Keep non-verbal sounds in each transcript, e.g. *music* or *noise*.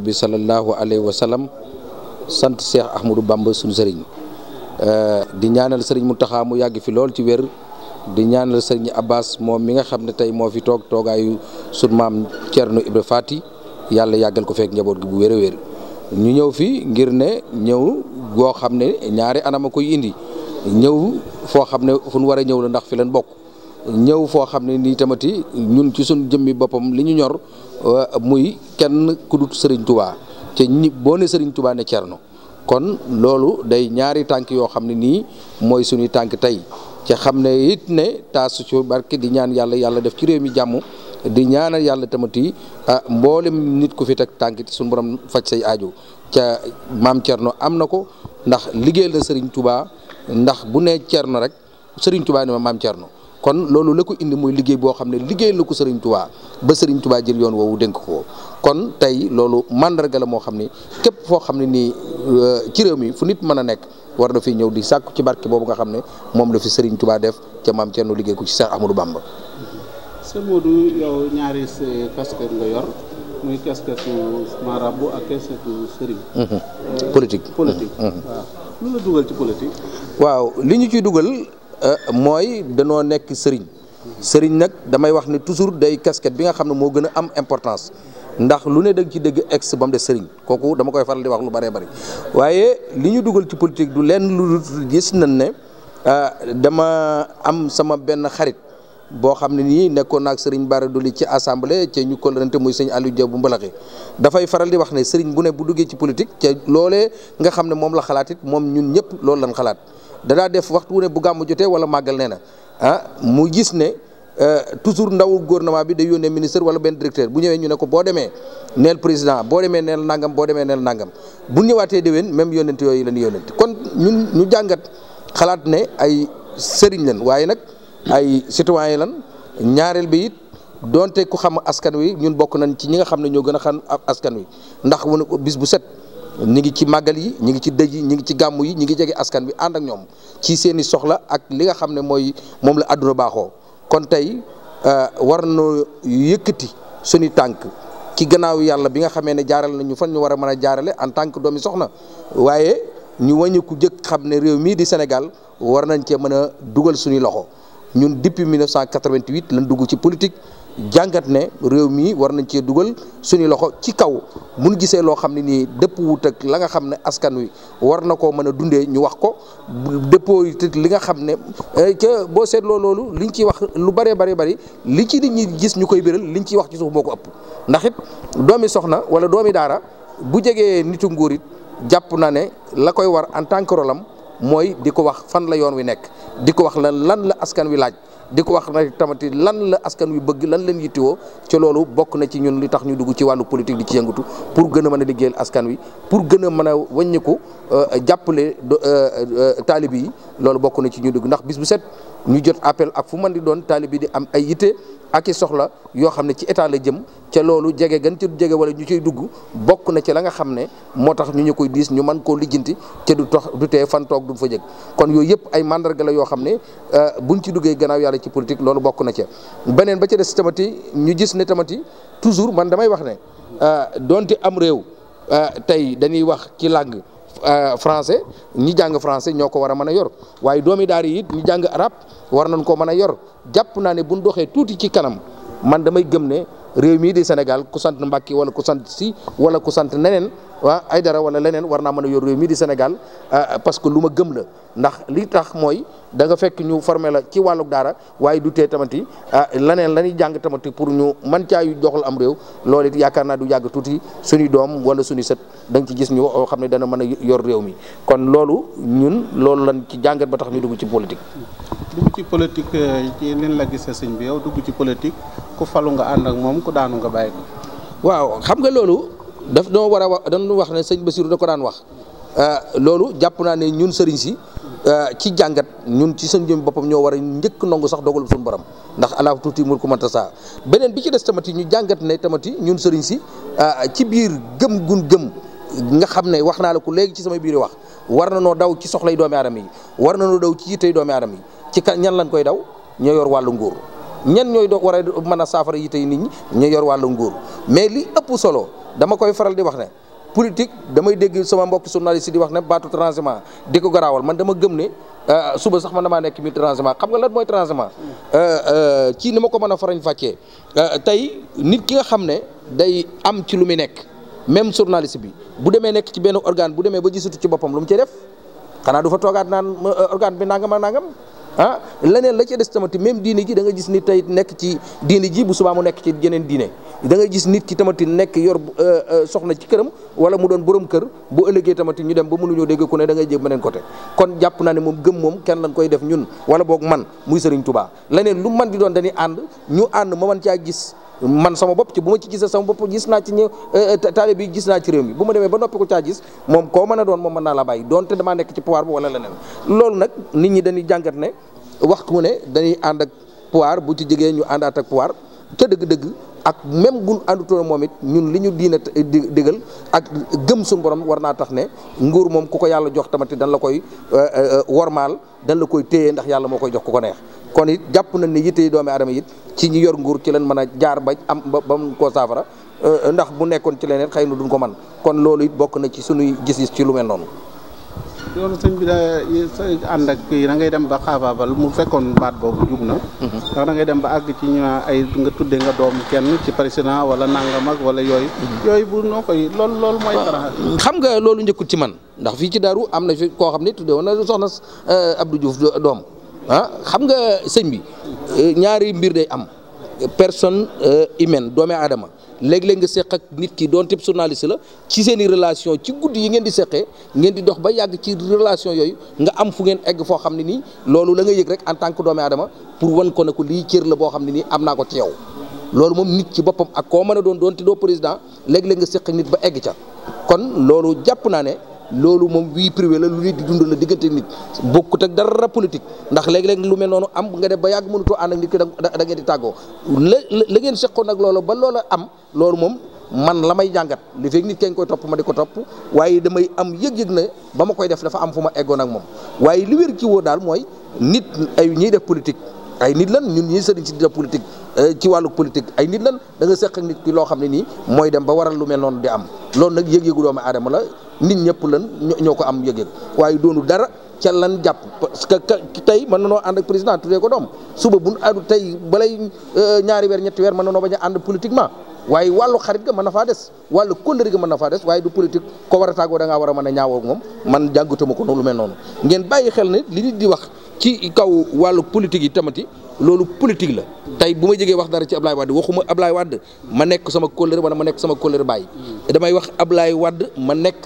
bi sallallahu alayhi wa sallam sant Cheikh Ahmadou Bamba suñu sëriñ eh, di ñaanal sëriñ Mountakha mu yàgg fi lool ci wér di ñaanal sëriñ Abbas moom mi nga xam ne tey moo fi toog toogaayu sunu maam Thierno Ibra Fati yàlla yàggal ko fekk njaboot gi bu wér a wér ñu ñëw fi ngir ne ñëw goo xam ne ñaari anama koy indi ñëw foo xam ne fu nu war a ñëw la ndax fi leen bokk ñëw foo xam ne nii tamati ñun ci suñu jëmmi boppam li ñu ñor muy kenn ku dut Serigne Touba te ñi boo ne Serigne Touba ne Thierno kon loolu day ñaari tànk yoo xam ne nii mooy suñuy tànk tey ca xam ne it ne taasu ci barke di ñaan yàlla yàlla def ci réew mi jàmm di ñaanal yàlla tamati ah mboolem nit ku fi teg tànk suñ borom faj say aajo ca maam Thierno am na ko ndax liggéey la Serigne Touba ndax bu nee Thierno rek Serigne Touba ne ma maam Thierno. kon loolu la ko indi muy liggéey boo xam ne liggéey la ko Serigne Touba ba Serigne Touba jël yoon woowu dénk ko kon tey loolu mandarga la moo xam ne képp foo xam ne nii euh, ci réew mi fu nit mën a nekk war na ñëw di sàkku ci barke boobu nga xam ne moom la fi Serigne Touba def ca maam liggéey ko ci Cheikh Amadou Bamba. sëñ Modou yow ñaari casquette nga yor muy mhm. Mhm. waaw li ñu ciy dugal. Euh, mooy danoo nekk sëriñ sëriñ nag damay wax ne toujours day casquette bi nga xam ne moo gën a am importance ndax lu ne da ci dëgg ex ba mu de sëriñ kooku dama koy faral di wax lu bëree bëri waaye li ñu dugal ci politique du lenn lu gis nañ ne euh, dama am sama benn xarit boo xam ne nii nekkoon naag sëriñ Bara Dolly ci assemblée ca ñu kolorante muy sëñ Aliou Dia bu mbalaxe dafay faral di wax ne sëriñ bu ne bu duggee ci politique ca loolee nga xam ne moom la xalaatit moom ñun ñëpp loolu lañ xalaat danaa def waxtu wu ne bu gàmm jotee wala màggal nee na ah mu gis ne euh, toujours ndawu gouvernement bi day yónnee ministre wala benn directeur bu ñëwee ñu ne ko boo demee neel président boo demee neel nangam boo demee neel nangam bu ñëwaatee déwén même yónnent yooyu la ñu yónnent kon ñun ñu jàngat xalaat ne ay sëriñ lan waaye nag ay citoyen lan ñaareel bi it donte ku xam askan wi ñun bokk nañ ci ñi nga xam ne ñoo gën a xam askan wi ndax bis bu set. ñi ngi ci màggal yi ñi ngi ci dëj yi ñi ngi ci gàmm yi ñi ngi jege askan bi ànd ak ñoom ci seeni soxla ak li nga xam ne mooy moom la àdduna baaxoo kon tey euh, war na yëkkati suñu tànk ci gannaaw yàlla bi nga xamee ne jaaral ñu fan ñu war a mën a jaarale en tant que doomi soxna waaye ñu wàññiku jëkk xam ne réew mii di Sénégal war nañ cee mën a dugal suñuy loxo ñun depuis 1988 lañ dugg ci politique jàngat ne réew mii war nañ cee dugal suñu loxo ci kaw mun gisee loo xam ne nii dëpp wut ak la nga xam ne askan wi war na koo mën a dundee ñu wax ko dëppoo it li nga xam ne eh, ca boo seetloo loolu liñ ciy wax lu bëree bëri bëri li ci nit ñi gis ñu koy biral liñ ciy wax ci suuf boo ko ëpp ndax it doomi soxna wala doomi daara bu jegee nitu nguur it jàpp na ne la koy war en tant que rolam mooy di ko wax fan la yoon wi nekk di ko wax lan lan la askan wi laaj di ko wax na tamati lan la askan wi bëgg lan leen yittewoo ci loolu bokk na ci ñun li tax ñu dugg ci wàllu politique di ci yëngatu pour gën a mën a liggéeyal askan wi pour gën a mën a wàññiku euh, jàppale euh, euh, taalibi yi loolu bokk na ci ñu dugg ndax bis bu set ñu jot appel ak fu mën di doon taalibi di am ay yitte ak i soxla yoo xam ne ci état la jëm ca loolu jege gën ca jege wala ñu ciy dugg bokk na ci la nga xam ne moo tax ñu ñu koy diis ñu mën koo lijjanti ca du tax du tee fan toog du fa jëg kon yooyu yëpp ay mandarga la yoo xam ne euh, buñ ci duggee ganaaw yàlla ci politique loolu bokk na ca beneen ba ca des tamati ñu gis ne tamati toujours man damay wax ne euh, donte am réew euh, tey dañuy wax ci langue français ñi jàng français ñoo ko war a mën a yor waaye doomi daara yi it ñi jàng arab war nañ koo mën a yor jàpp naa ne buñ doxee tuuti ci kanam man damay gëm ne réew mii di Sénégal ku sant Mbàkke wala ku sant si wala ku sant neneen waa ay dara wala leneen war naa mën a yor réew mii di Sénégal euh, parce que lu ma gëm la ndax li tax mooy danga fekk ñu formé la ci wàlluk daara waaye du tee tamati euh, leneen la ñuy jàng tamati pour ñu man caa yu am réew loolu yaakaar naa du yàgg tuuti suñu doom wala suñu sët danga ci gis ñu oo xam ne dana mën a yor réew mi kon loolu ñun loolu lan ci jàngat ba tax ñu dugg ci politique. dugg ci politique leen euh, la gisee sëñ bi yow dugg ci politique ku falu nga ànd ak moom ku daanu nga bàyyi ko. daf doo war a wax dañu wax ne sëñ Basiru da ko daan wax euh, loolu jàpp naa ne ñun sëriñ si euh, ci jàngat ñun ci seen jëm boppam ñoo war a njëkk nangu sax dogal suñu borom ndax alaa tuuti mul ko manta saa beneen bi ci des tamati ñu jàngat nay tamati ñun sëriñ si euh, ci biir gëm gun gëm nga xam ne wax naa la ko léegi ci samay biir wax war na noo daw ci soxlay doomi aadama yi war na noo daw ci yittey doomi aadama yi ci kan ñan lañ koy daw ñoo yor wàllu nguur ñan ñooy do war a mën a saafara yi tey nit ñi ñu yor wàllu nguur mais li ëpp solo dama koy faral di wax ne politique damay dégg sama mbokk journaliste di wax ne baatu transhumant di ko garaawal man dama gëm ne euh, suba sax man damaa nekk mi transhumant xam nga lan mooy transhumant euh, euh, ci ni ma ko mën a farañ fàccee tey nit ki nga xam ne day am ci lu muy nekk même journaliste bi bu demee nekk ci benn organe bu demee ba gisatu ci boppam lu mu ci def xanaa du fa toogaat naan organe bi nangam ak nangam ah leneen la ca des tamati même diine ji da nga gis ni tey nekk ci diine ji bu subaa mu nekk ci geneen diine da gis nit ki tamati nekk yor euh, euh, soxna ci këram wala mu doon borom kër bu ëllëgee tamati ñu dem ba mënuñoo dégg ku ne da ngay jëm beneen côté kon jàpp naa ne moom gëm moom kenn lañ koy def ñun wala boog man muy Serigne tubaa leneen lu man di doon dañuy ànd ñu ànd ma man caa gis man sama bopp ci bu ma ci gisee sama bopp gis naa ci ñëw euh, euh, taalibe bi gis naa ci réew mi bu ma demee ba noppi ko caa gis moom koo mën a doon moom mën naa la bàyyi donte damaa nekk ci pouvoir bi wala leneen loolu nag nit ñi dañuy jàngat ne waxtu ne dañuy ànd ak pouvoir bu ci jegee ñu àndaat ak pouvoir ca dëgg-dëgg ak même gun àndutoo moom it ñun li ñu diina digal ak gëm suñu borom war naa tax ne nguur moom ku ko yàlla jox tamati dañ la koy euh, wormaal dañ la koy téye ndax yàlla moo koy jox ku ko neex kon it jàpp na ne yitte doomi aadama it ci ñi yor nguur ci leen mën a jaar ba am ba ba mu koo saafara euh, ndax bu nekkoon ci leneen xëy na duñ ko man kon loolu it bokk na ci suñuy gis-gis ci lu mel noonu. loolu ak kii ngay dem ba xaabaabal mu fekkoon baat boobu jub na. Mhm. ndax ngay dem ba àgg ci ay nga tuddee nga doom kenn ci président wala nangam ak wala yooyu. Mhm. yooyu bu noo koy lool loolu mooy. xam nga loolu njëkkut ci man ndax fii ci daaru am na fi koo xam ne tuddee woon na soxna euh, Abdou Diouf doom. ah xam nga sëñ bi eh, ñaari mbir day am personne eh, humaine doomu aadama léeg-léeg nga seq ak nit ki doon tëb journaliste la ci seen i relation ci guddi yi ngeen di seqee ngeen di dox ba yàgg ci relation yooyu nga am fu ngeen egg foo xam ne nii loolu la nga yëg rek en tant que doomu aadama pour wan ko ne ko lii cër la boo xam ne nii am naa ko ci yow loolu moom nit ci boppam ak koo mën a doon doon te doo président léeg-léeg nga seq nit ba egg ca kon loolu jàpp naa ne. loolu moom vie privée la lu nit di dund la diggante nit bokkut ak dara politique ndax léeg-léeg lu mel noonu am nga def ba yàgg mënutoo ànd ak nit ki da ngeen di tàggoo la ngeen seqoon nag loola ba loola am loolu moom man la may jàngat li fekk nit kenn topp ma di ko topp waaye damay am yëg-yëg ba ma koy def dafa am fu ma eggoon ak moom waaye li wér ci woo daal mooy nit ay ñiy politique ay nit lan ñun ñii sëriñ si di politique euh, ci wàllu politique ay nit lan da seq ak nit ki loo xam ne nii mooy dem ba waral lu mel noonu di am loolu nag yëg-yëgu doomu aadama la nit ñëpp lan ñoo ko am yëg-yëg waaye doonu dara ca lan jàpp parce que tey mën na noo ànd ak président tuddee ko doom suba bu adu tey balay euh, ñaari weer ñetti na noo a ànd politiquement waaye wàllu xarit ga ko war a tàggoo da ngaa a mën a ñaawoo ak moom man jàngatuma ko noonu lu mel noonu ngeen bàyyi xel ne li nit di wax ci kaw wàllu politique yi tamati loolu politique la tey bu ma jegee wax dara ci Ablaye Wade waxuma Ablaye Wade ma nekk sama kóllëre wala ma nekk sama kóllëre bàyyi mm. damay wax Ablaye Wade ma nekk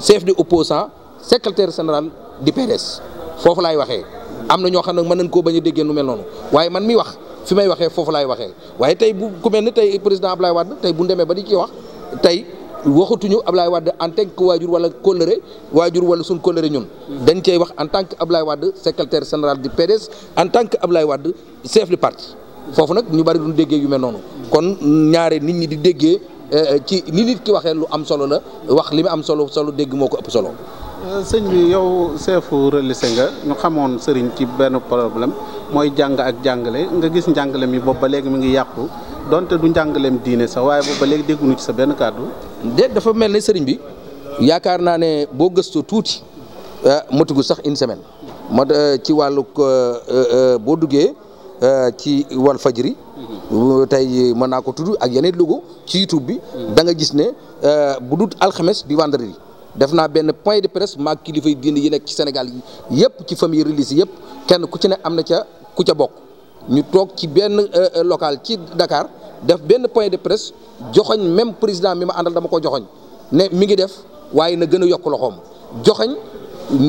chef de opposant secrétaire général du PDS foofu laay waxee am na ñoo xam ne mën nañ koo bañ déggee nu mel noonu waaye man mi wax fi may waxe foofu laay waxee waaye tey bu ku mel ne tey président Ablaye Wade tey bu demee ba di ci wax tey waxatuñu Ablaye wadd en tant que waajur wala kóllëre waajur wala suñ kóllëre ñun. dañ cey wax en tant que Ablaye Wade secrétaire général du PDS en tant que Ablaye wadd chef de parti foofu nag ñu bari duñ déggee yu mel noonu kon ñaare nit ñi di déggee. Euh, ci ni nit ki waxee lu am solo la wax li mu am solo solo dégg moo ko ëpp solo. Euh, sëñ bi yow seefu relise nga ñu xamoon sëriñ ci benn problème mooy jàng ak jàngale nga gis njàngale mi boobu ba léegi mu ngi yàqu donte du njàngaleem diine sax waaye boobu ba léegi dégguñu ci sa benn kàddu. déet dafa mel ne sëriñ bi yaakaar naa ne boo gëstu tuuti euh, matugu sax une semaine moo ci wàllug boo duggee ci wal fajri tey mën naa ko tudd ak yeneen logo ci YouTube bi. da nga gis ne euh, bu dut alxames di vendredi. def naa benn point de presse maag kilifa yi diine yi nekk ci Sénégal yëpp ci famille religieuse yëpp kenn ku ci ne am na ca ku ca bokk. ñu toog ci benn euh, euh, local ci dakaar def benn point de presse joxoñ même président mi ma àndal dama ko joxoñ ne mi ngi def waaye na gën a yokk loxoom joxoñ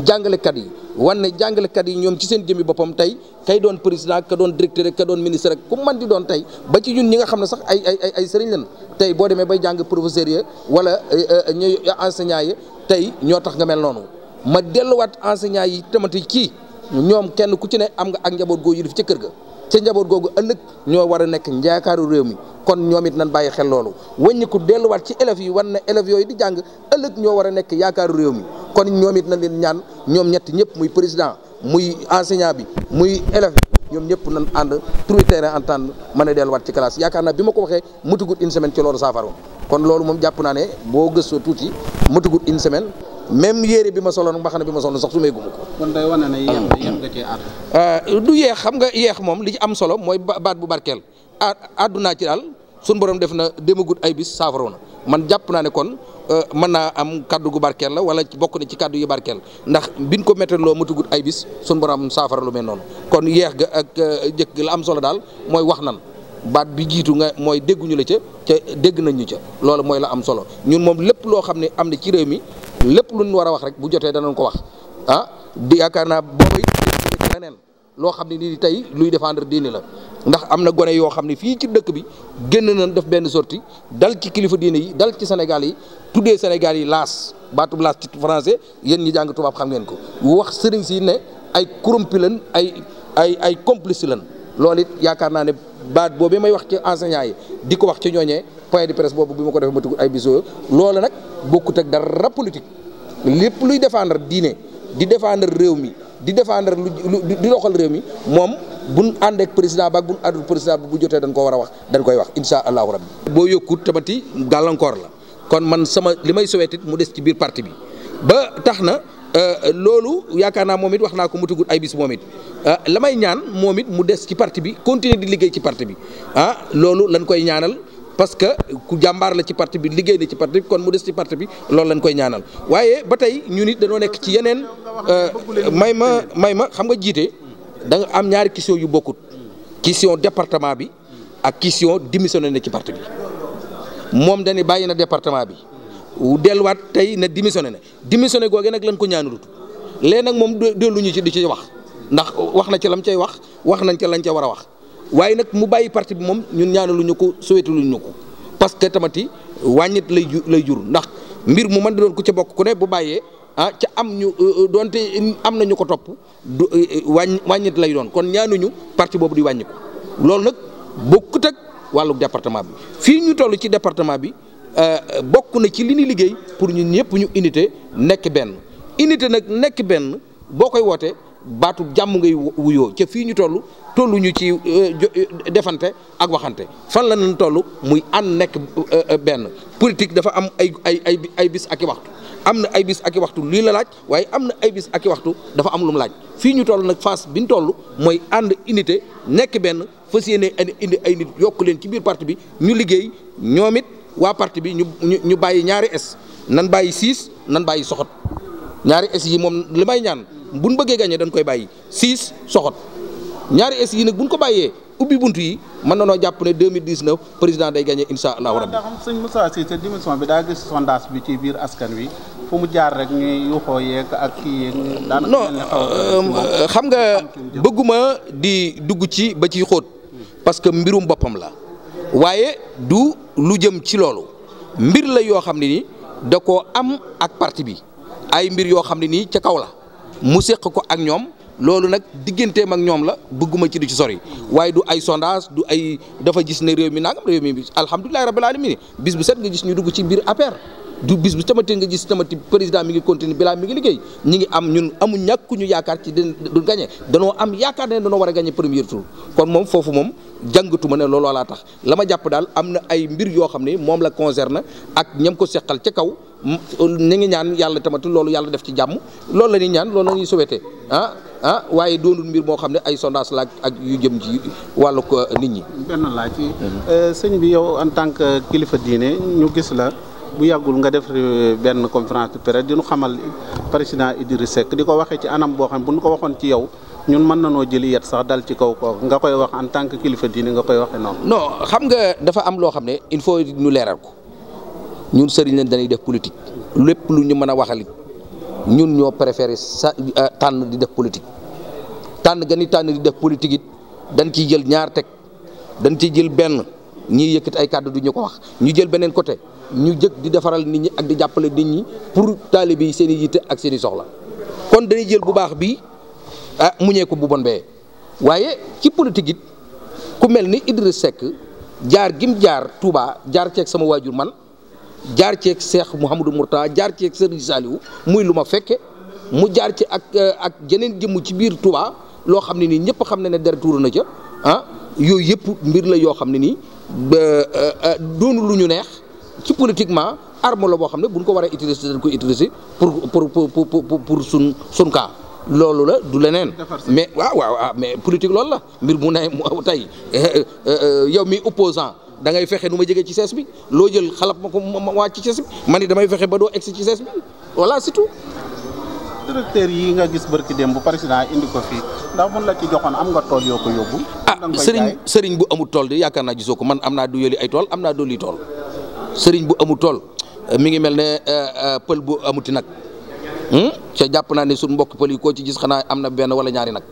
jàngalekat yi. wan ne jàngalekat yi ñoom ci seen jëmmi boppam tey kay doon président ka doon directeur rek ka doon ministre rek ku mën di doon tey ba ci ñun ñi nga xam ne sax ay ay ay ay tey boo demee bay jàng professeur ya wala e, e, e, ñuy enseignant yi tey ñoo tax nga mel noonu ma delluwaat enseignant yi tamati ci ñoom kenn ku ci ne am nga ak njaboot goo yilif ci kër ga ce njaboot googu ëllëg ñoo war a nekk njaakaaru réew mi kon ñoom it nan bàyyi xel loolu wëññiku delluwaat ci élèves yi war na élèves yooyu di jàng ëllëg ñoo war a nekk yaakaaru réew mi kon ñoom it nañ leen ñaan ñoom ñett ñëpp muy président muy enseignant bi muy élève bi ñoom ñëpp nan ànd trouver terrain entendre mën a delluwaat ci classe yaakaar naa bi ma ko waxee mutagut une semaine ci loolu saafara kon loolu moom jàpp naa ne boo gëstoo tuuti mutagut une semaine même yére bi ma soloon mbaxana bi ma soloon sax su may guma ko. kon day wane ne yéex ah. ah, du yéex xam nga yéex moom li ci am solo mooy baat bu barkeel a àddunaa ci daal suñu borom def na demagut ay bis saafara na man jàpp naa ne kon euh, mën naa am kaddu gu barkeel la wala bokk na ci kaddu yu barkeel ndax biñ ko méttal loo matugut ay bis suñu borom saafara lu mel noonu kon yéex ga ak euh, jëkk la am solo daal mooy wax nan. baat bi jiitu nga mooy dégguñu la ca ca dégg nañ ñu ca loolu mooy la am solo ñun moom lépp loo xam ne am na ci réew mi lépp lu ñu war a wax rek bu jotee danañ ko wax ah di yaakaar naa boobu it loo xam ne nii tey luy défendre diine la ndax am na gone yoo xam ne fii ci dëkk bi génn nañ def benn sortie dal ci kilifa diine yi dal ci Sénégal yi tuddee Sénégal yi laas baatub laas ci français yéen ñi jàng tubaab xam ngeen ko wax sëriñ si ne ay corrompu lañ ay ay ay complice lañ lool it yaakaar naa ne baat boobee may wax ci enseignants yi di ko wax ci ñooñee point de presse boobu bi ma ko defee ma tudd ay biso loola nag. bokkut ak dara politique lépp luy défendre diine di défendre réew mi di défendre lu di doxal réew mi moom bu ànd ak président ba bu buñ àndul président bu jotee dañ ko war a wax dañ koy wax insha allahu rabbi boo yokkut tamati gàllankoor la kon man sama li may soweetit mu des ci biir parti bi ba tax na euh, loolu yaakaar naa moom it wax naa ko mu tugut ay bis moom it euh, la may ñaan moom it mu des ci parti bi continuer di liggéey ci parti bi ah loolu lañ koy ñaanal parce que ku jàmbaar la ci parti bi liggéey na ci parti bi kon mu des ci parti bi loolu lañ koy ñaanal waaye ba tey ñu nit dañoo nekk ci yeneen euh, may ma may ma xam nga jiite da nga am ñaari question yu bokkut question département bi ak question démissionné na ci parti bi moom dañu bàyyi na département bi delluwaat tey ne démissionné na démissionné googu nag lañ ko ñaanalut léegi nag moom ñu ci di ci wax ndax wax na ci lam cay wax wax nañ ca lañ ca war a wax waaye nag mu bàyyi parti bi moom ñun ñaanaluñu ko sowetaluñu ko parce que tamati wàññit lay ju lay jur ndax mbir mu mën di doon ku ca bokk ku ne bu bàyyee ah ca am ñu euh, euh, donte am na ñu ko topp du euh, wàññ lay doon kon ñaanuñu parti boobu di wàññi ko loolu nag bokkut ak wàllu département bi fii ñu toll ci département bi bokk na ci li ñu liggéey pour ñun ñëpp ñu unité nekk benn unité nag nekk benn boo koy wootee. baatu jàmm ngay wuyoo ca fii ñu toll ñu ci euh, euh, defante ak waxante fan la ñu toll muy ànd nekk euh, benn politique dafa am ay ay ay ay bis ak i waxtu am na ay bis ak waxtu lii la laaj waaye am na ay bis ak i waxtu dafa am lu mu laaj fii ñu toll nag fas bi ñu toll mooy ànd unité nekk benn fas yéene indi ay nit yokk leen ci biir parti bi ñu liggéey ñoom it waa parti bi ñu ñu bàyyi ñaari es nan bàyyi siis nan bàyyi soxot ñaari es yi moom li may ñaan. bu buñ bëggee gagné dañ koy bàyyi six soxot ñaari es yi nag buñ ko bàyyee ubbi bunt yi mën na noo jàpp ne 2019 président day gagné insha allahu rabbi. waaw xam sëñ Moussa Cissé démission bi daa gis sondage bi ci biir askan wi fu mu jaar rek ñuy yuxoo yeeg ak kii yeeg. daanaka euh, xam nga bëgguma di dugg ci ba ci xóot. parce que mbirum boppam la. waaye du lu jëm ci loolu. mbir la yoo xam ne ni da ko am ak parti bi ay mbir yoo xam ne nii ca kaw la. mu seq ko ak ñoom loolu nag digganteem ak ñoom la bëgguma ci du ci sori waaye du ay sondage du ay dafa gis ne réew mi nangam réew mi alhamdulilahi rabbil alamin bis bu set nga gis ñu dugg ci biir APR du bis bu tamati nga gis tamati président mi ngi continuer laa mi ngi liggéey ñi ngi am ñun amu ñàkk ñu yaakaar ci du gagné danoo am yaakaar ne danoo war a gagné premier tour kon moom foofu moom jàngatu ne looloo laa tax lama jàpp daal am na ay mbir yoo xam ne moom la na ak ñam ko seqal ca kaw ñu ngi ñaan yàlla tamit loolu yàlla def ci jàmm loolu la ñuy ñaan loolu la ñuy souhaité ah, ah waaye doonul mbir moo xam ne ay sondage la ak yu jëm ji wàllu ko nit ñi. benn laa ci mm-hmm. euh, sëñ bi yow en tant que kilifa diine ñu gis la. bu yàggul nga def euh, benn conférence de presse di nu xamal président Idriss Seck di ko waxee ci anam boo xam ne bu nu ko waxoon ci yow. ñun mën na noo jëli yet sax dal ci kaw kooku nga koy wax en tant que kilifa nga koy waxee noonu. xam nga dafa am loo xam ne il faut ñu leeral ko ñun sëriñ lañ dañuy def politique lépp lu ñu mën a waxalit ñun ñoo préféré sa euh, tànn di def politique tànn gani tànn di def politique it dañ ciy jël ñaar teg dañ ciy jël benn ñiy yëkkati ay kàddu du ko wax ñu jël beneen côté ñu jëkk di defaral nit ñi ak di jàppale nit ñi pour taalibe yi seen i yitte ak seen i soxla kon dañuy jël bu baax bi ah muñee ko bu bon bee waaye ci politique it ku mel ni Idriss jaar gim jaar Touba jaar ceeg sama waajur man jaar ceek ceeg Cheikh Mouhamadou Mourta jaar ceeg Serigne Saliou muy lu ma fekke mu jaar ci ak eh, ak jeneen jëmm ci biir Touba loo xam ne nii ñëpp xam ne ne deret tuuru na ca ah yooyu yëpp mbir la yoo xam ne nii eh, eh, doonu lu ñu neex ci politiquement arme la boo xam ne buñ ko war a ko utiliser pour pour pour pour pour suñ suñ loolu la du leneen mais waaw waaw ah, mais politique loolu la mbir mu ne mu tey eh, eh, eh, yow mi opposant da ngay fexe nu ma jege ci sees bi loo jël xalab ma ko ma wàcc ci sees bi man damay fexe ba doo egsi ci sees bi voilà c'est tout yi nga gis barki dem bu président indi ko fii ndax mun la ci joxoon am nga tool yoo ko yóbbu ah sëriñ bu amul tool di yaakaar naa gisoo ko man am naa du yëli ay tool am naa dolli tool sëriñ bu amul tool mi ngi mel ne pël bu amuti nag Hmm? ca jàpp naa ne suñ mbokk pël yi koo ci gis xanaa am na benn wala ñaari nag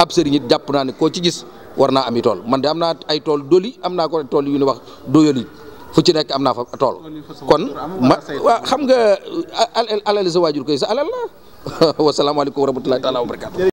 ab sëriñ jàpp naa ne koo ci gis war naa am tool man de am naa ay tool doli am naa ko tool yu ñu wax doyoli fu ci nekk am naa fa tool kon ma waa xam nga alal sa waajur koy sa alal la wasalaamaaleykum *laughs* wa rahmatullahi taala wa barakatu